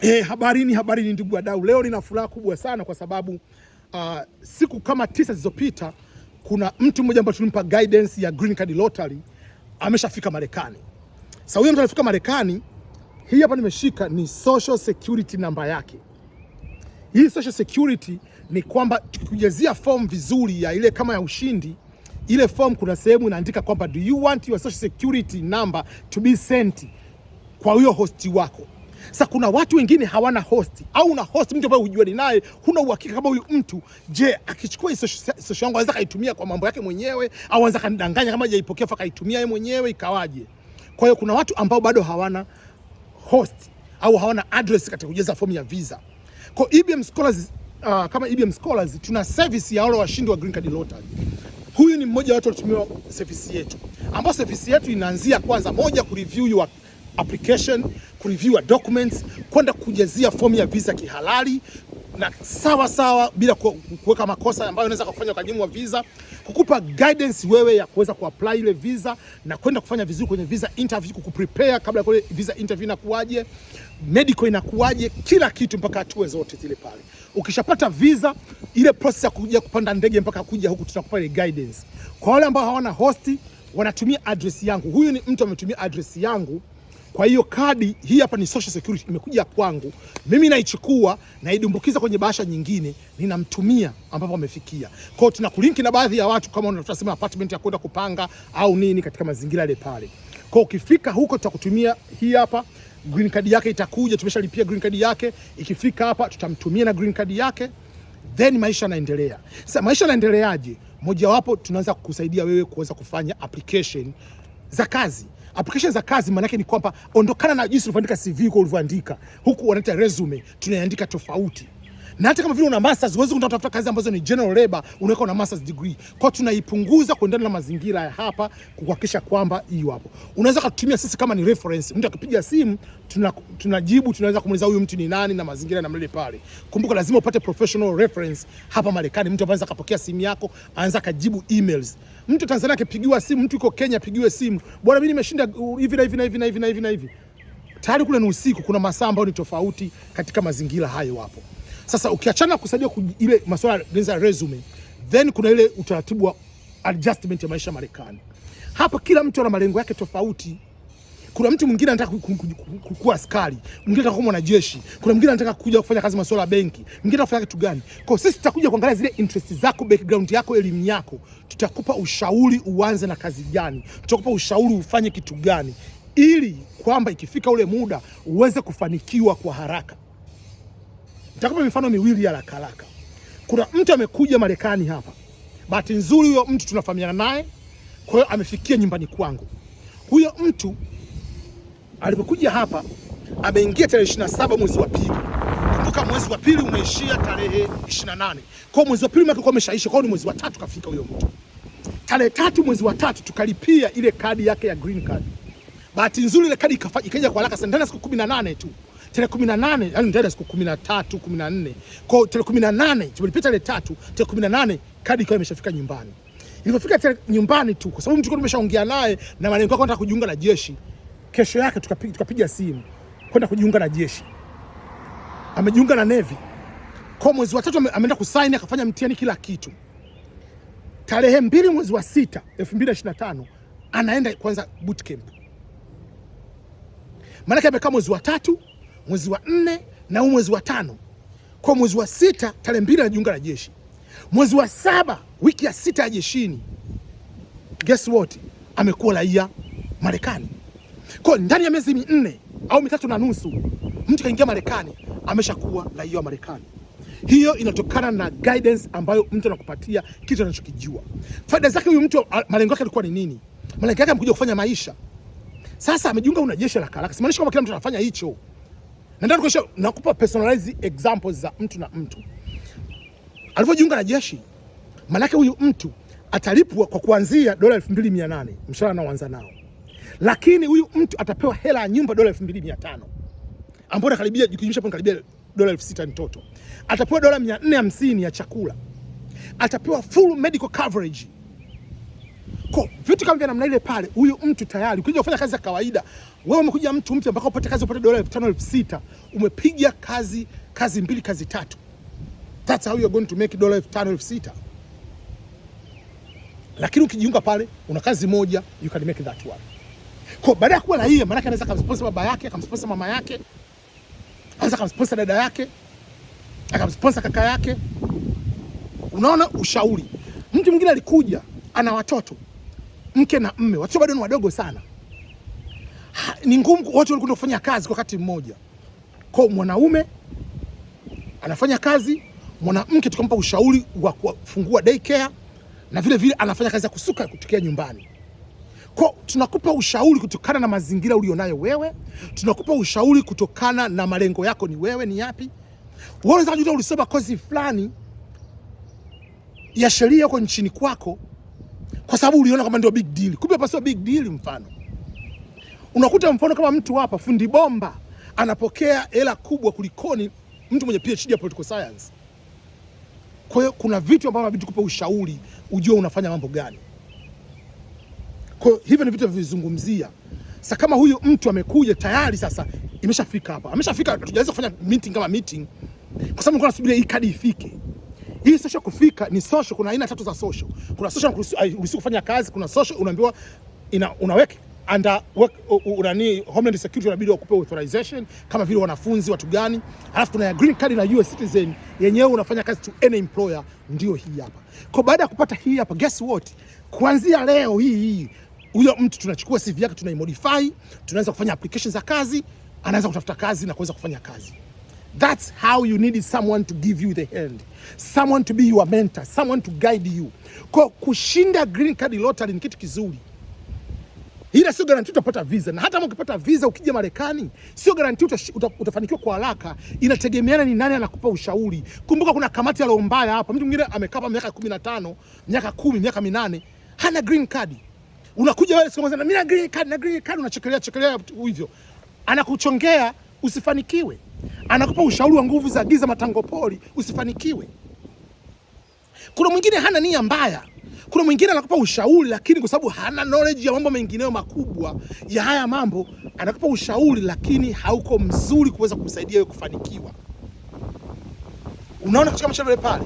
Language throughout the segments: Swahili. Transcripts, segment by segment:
E, eh, habarini habarini ndugu wadau, leo nina furaha kubwa sana kwa sababu uh, siku kama tisa zilizopita kuna mtu mmoja ambaye tulimpa guidance ya Green Card Lottery ameshafika Marekani. Sasa huyo mtu alifika Marekani, hii hapa nimeshika ni social security namba yake. Hii social security ni kwamba tukijazia form vizuri ya ile kama ya ushindi, ile form kuna sehemu inaandika kwamba do you want your social security number to be sent kwa huyo hosti wako sasa kuna watu wengine hawana host au una host mtu ambaye hujuani naye, huna uhakika kama huyu mtu je, akichukua social yangu anaweza kaitumia kwa mambo yake mwenyewe au anaweza kanidanganya kama hajaipokea fa yeye mwenyewe ikawaje? Kwa hiyo kuna watu ambao bado hawana host au hawana address katika kujaza fomu ya visa. Kwa IBM e Scholars, uh, kama IBM e Scholars tuna service ya wale washindi wa Green Card Lottery. Huyu ni mmoja wa watu waliotumiwa service yetu, ambao service yetu inaanzia kwanza moja, kureview your application, kureview documents, kwenda kujazia fomu ya visa kihalali na sawa sawa bila kuweka makosa ambayo unaweza kufanya ukanyimwa visa, kukupa guidance wewe ya kuweza kuapply ile visa na kwenda kufanya vizuri kwenye visa interview, kukuprepare kabla ya visa interview inakuaje, medical inakuaje, kila kitu mpaka hatua zote zile pale. Ukishapata visa, ile process ya kuja kupanda ndege mpaka kuja huku tutakupa ile guidance. Kwa wale ambao hawana hosti, wanatumia address yangu. Huyu ni mtu ametumia address yangu kwa hiyo kadi hii hapa ni social security, imekuja kwangu mimi, naichukua naidumbukiza kwenye bahasha nyingine, ninamtumia ambapo amefikia. Kwa hiyo tunakulinki na baadhi ya watu, kama unatafuta sema apartment ya kwenda kupanga au nini katika mazingira yale pale. Kwa ukifika huko, tutakutumia hii hapa green card yake itakuja, tumeshalipia green card yake. Ikifika hapa, tutamtumia na green card yake, then maisha yanaendelea. Sasa maisha yanaendeleaje? Mojawapo tunaanza kukusaidia wewe kuweza kufanya application za kazi application za kazi maana yake ni kwamba ondokana na jinsi ulivyoandika CV kwa ulivyoandika, huku wanaita resume, tunaandika tofauti na hata kama vile una masters huwezi kutafuta kazi ambazo ni general labor, unaweka una masters degree. Kwa tunaipunguza kuendana na mazingira ya hapa kuhakikisha kwamba hiyo hapo. Unaweza kutumia sisi kama ni reference, mtu akipiga simu tunajibu, tuna tunaweza kumuuliza huyu mtu ni nani na mazingira na mlele pale. Kumbuka lazima upate professional reference hapa Marekani, mtu anaweza kapokea simu yako anaweza kujibu emails. Mtu Tanzania akipigiwa simu, mtu yuko Kenya apigiwe simu, bwana, mimi nimeshinda hivi na hivi na hivi na hivi na hivi na hivi tayari kule ni usiku, kuna masaa ambayo ni tofauti katika mazingira hayo hapo. Sasa ukiachana kusaidia ile masuala ya resume, then kuna ile utaratibu wa adjustment ya maisha Marekani. Hapa kila mtu ana malengo yake tofauti. Kuna mtu mwingine anataka kukua askari, mwingine anataka kuwa mwanajeshi, kuna mwingine anataka kuja kufanya kazi masuala ya benki, mwingine anafanya kitu gani. Kwa hiyo sisi tutakuja kuangalia zile interest zako, background yako, elimu yako, tutakupa ushauri uanze na kazi gani, tutakupa ushauri ufanye kitu gani, ili kwamba ikifika ule muda uweze kufanikiwa kwa haraka. Nitakupa mifano miwili haraka haraka. Kuna mtu amekuja Marekani hapa, bahati nzuri huyo mtu tunafahamiana naye, kwa hiyo amefikia nyumbani kwangu. Huyo mtu alipokuja hapa ameingia tarehe saba mwezi wa pili. Kumbuka mwezi wa pili umeishia tarehe 28. Kwa mwezi wa pili mwaka kwa ameshaisha, kwa ni mwezi wa tatu kafika huyo mtu. Tarehe tatu mwezi wa tatu tukalipia ile kadi yake ya green card. Bahati nzuri ile kadi ikaja kwa haraka sana ndani ya siku 18 tu tarehe 18, yani ndani ya siku 13 14. Kwa hiyo tarehe 18 tulipita tarehe tatu, tarehe 18 kadi ikawa imeshafika nyumbani. Ilipofika nyumbani tu, kwa sababu tulikuwa tumeshaongea naye na malengo yake, nataka kujiunga na jeshi. Kesho yake tukapiga tukapiga simu kwenda kujiunga na jeshi, amejiunga na Navy Kwa mwezi wa tatu ameenda kusaini, akafanya mtihani, kila kitu. Tarehe mbili mwezi wa sita 2025 anaenda kwanza bootcamp, maanake amekaa mwezi wa tatu mwezi wa nne na huu mwezi wa tano. Kwa mwezi wa sita tarehe mbili najiunga na jeshi, mwezi wa saba wiki ya sita ya jeshini, guess what, amekuwa raia Marekani. Kwa ndani ya miezi minne au mitatu na nusu mtu kaingia Marekani ameshakuwa raia wa Marekani. Hiyo inatokana na guidance ambayo mtu anakupatia kitu anachokijua. Faida zake huyu mtu, malengo yake alikuwa ni nini? Malengo yake amekuja kufanya maisha. Sasa amejiunga una jeshi la karaka, simaanishi kwamba kila mtu anafanya hicho. Nataka nakupa personalize examples za mtu na mtu. Alipojiunga na jeshi, maanake huyu mtu atalipwa kwa kuanzia dola 2800 mshahara anaoanza nao, lakini huyu mtu atapewa hela ya nyumba dola 2500 ambayo nakaribia jikujumlisha hapo karibia dola elfu sita mtoto atapewa dola hamsini ya chakula, atapewa full medical coverage kwa vitu kama vya namna ile pale, huyu mtu tayari ukija kufanya kazi ya kawaida, wewe umekuja mtu mpya mpaka upate kazi upate dola elfu tano elfu sita umepiga kazi kazi mbili kazi tatu. That's how you're going to make dola elfu tano elfu sita Lakini ukijiunga pale una kazi moja, you can make that one. Kwa baada ya kuwa na hiyo, maana anaweza kumsponsor baba yake, akamsponsor mama yake, anaweza kumsponsor dada yake, akamsponsor kaka yake. Unaona ushauri. Mtu mwingine alikuja ana watoto mke na mme, watoto bado ni wadogo sana, ni ngumu wote walikuwa kufanya kazi kwa wakati mmoja. Kwa mwanaume anafanya kazi, mwanamke tukampa ushauri wa kufungua daycare na vile vile anafanya kazi ya kusuka kutokea nyumbani. Kwa tunakupa ushauri kutokana na mazingira ulionayo wewe, tunakupa ushauri kutokana na malengo yako ni wewe ni yapi. Wewe unaweza kujua ulisoma kozi fulani ya sheria huko nchini kwako kwa sababu uliona kama ndio big deal, kumbe hapa sio big deal. Mfano unakuta mfano kama mtu hapa fundi bomba anapokea hela kubwa kulikoni mtu mwenye PhD ya political science. Kwa hiyo kuna vitu ambavyo inabidi kupe ushauri, ujue unafanya mambo gani. Kwa hiyo hivyo ni vitu vizungumzia. Sasa kama huyu mtu amekuja tayari, sasa imeshafika hapa, ameshafika, tujaweza kufanya meeting kama meeting, kwa sababu nilikuwa nasubiri hii kadi ifike. Hii social kufika ni social, kuna aina tatu za social. Kuna social unaruhusiwa kufanya kazi, kuna social unaambiwa ina, unaweka under work unani Homeland Security unabidi wakupe authorization kama vile wanafunzi watu gani, alafu tuna green card na US citizen yenyewe unafanya kazi to any employer, ndio hii hapa. Kwa baada ya kupata hii hapa, guess what, kuanzia leo hii hii huyo mtu tunachukua CV yake tunaimodify, tunaanza kufanya application za kazi, anaweza kutafuta kazi na kuweza kufanya kazi. That's how you need someone to give you the hand, someone to be your mentor, someone to guide you. Kwa kushinda green card lottery ni kitu kizuri, ila sio garanti utapata visa. Na hata ukipata visa ukija Marekani sio garanti utafanikiwa kwa haraka, inategemeana ni nani anakupa ushauri. Kumbuka kuna kamati ya roho mbaya hapa. Mtu mwingine amekaa hapa miaka tano, miaka kumi, miaka minane hana green card, unakuja wewe sio mimi na green card, na green card unachekelea chekelea hivyo, anakuchongea usifanikiwe. Anakupa ushauri wa nguvu za giza, matangopoli, usifanikiwe. Kuna mwingine hana nia mbaya, kuna mwingine anakupa ushauri, lakini kwa sababu hana knowledge ya mambo mengineyo makubwa ya haya mambo, anakupa ushauri, lakini hauko mzuri kuweza kumsaidia yeye kufanikiwa. Unaona kitu kama cha pale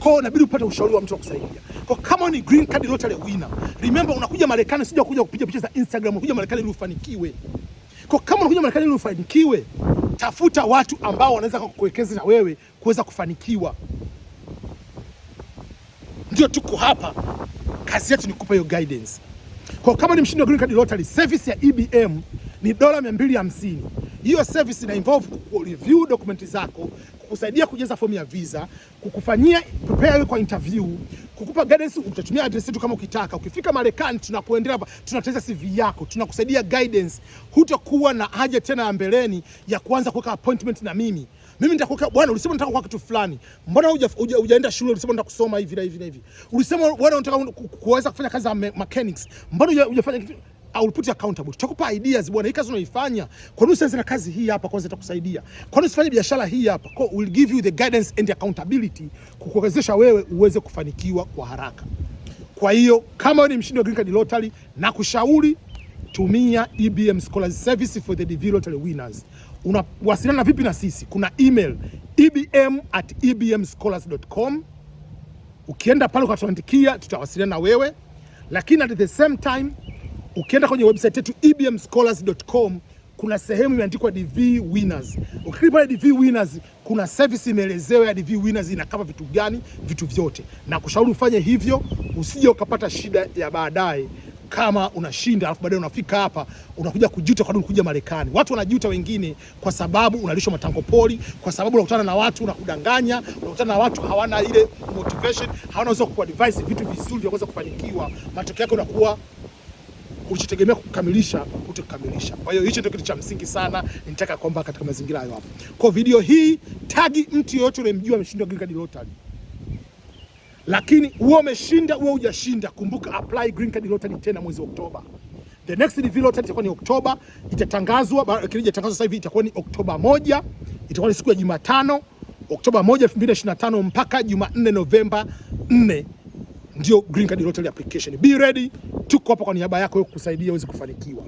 kwao, inabidi upate ushauri wa mtu wa kusaidia. Kwa kama ni green card lottery winner, remember unakuja Marekani, sija kuja kupiga picha za Instagram, unakuja Marekani ili ufanikiwe. Kwa kama unakuja Marekani ili ufanikiwe, tafuta watu ambao wanaweza kukuwekeza na wewe kuweza kufanikiwa. Ndio tuko hapa, kazi yetu ni kukupa hiyo guidance. Kwa kama ni mshindi wa Green Card Lottery, service ya EBM ni dola 250. Hiyo service ina involve kureview dokumenti zako, kukusaidia kujaza fomu ya visa, kukufanyia prepare kwa interview kukupa guidance. Utatumia address yetu kama ukitaka. Ukifika Marekani, tunakuendelea hapa, tunatengeneza CV yako, tunakusaidia guidance. Hutakuwa na haja tena ya mbeleni ya kuanza kuweka appointment na mimi. Mimi nitakuweka bwana, ulisema nataka kwa kitu fulani. Mbona hujaenda shule? Ulisema nataka kusoma hivi na hivi na hivi. Ulisema bwana, unataka kuweza kufanya kazi ya mechanics. Mbona hujafanya kitu I will put you accountable. Tutakupa ideas bwana, hii kazi unaifanya. Kwa nini usianze na kazi hii hapa kwanza itakusaidia? Kwa nini usifanye biashara hii hapa? Kwa will give you the guidance and accountability kukuwezesha wewe uweze kufanikiwa kwa haraka. Kwa hiyo kama wewe ni mshindi wa Green Card Lottery na kushauri tumia EBM Scholars Service for the DV Lottery winners. Unawasiliana vipi na sisi? Kuna email ebm@ebmscholars.com. Ukienda pale ukatuandikia, tutawasiliana na wewe, lakini at the same time Ukienda kwenye website yetu ebmscholars.com kuna sehemu imeandikwa DV winners. Ukiklik pale DV winners, kuna service imeelezewa ya DV winners inakava vitu gani, vitu vyote, na kushauri ufanye hivyo, usije ukapata shida ya baadaye kama unashinda alafu baadaye unafika hapa unakuja kujuta kwa nini kuja Marekani. Watu wanajuta wengine kwa sababu unalishwa matango poli, kwa sababu unakutana na watu unakudanganya, unakutana na watu hawana ile motivation, hawana uwezo kuadvise vitu vizuri vya kuweza kufanikiwa. Matokeo yake unakuwa ulichotegemea kukamilisha utakamilisha. Kwa hiyo hicho ndio kitu cha msingi sana, nitaka kwamba katika mazingira hayo hapo. Kwa video hii tagi mtu yoyote unayemjua ameshinda Green Card Lottery. Lakini uwe umeshinda uwe hujashinda, kumbuka apply Green Card Lottery tena mwezi Oktoba. The next DV Lottery itakuwa ni Oktoba, itatangazwa kile tangazo. sasa hivi itakuwa ni Oktoba moja, itakuwa ni siku ya Jumatano Oktoba 1, 2025 mpaka Jumanne Novemba 4 ndio Green Card Lottery application. Be ready tuko hapa kwa niaba yako wewe kukusaidia uweze kufanikiwa.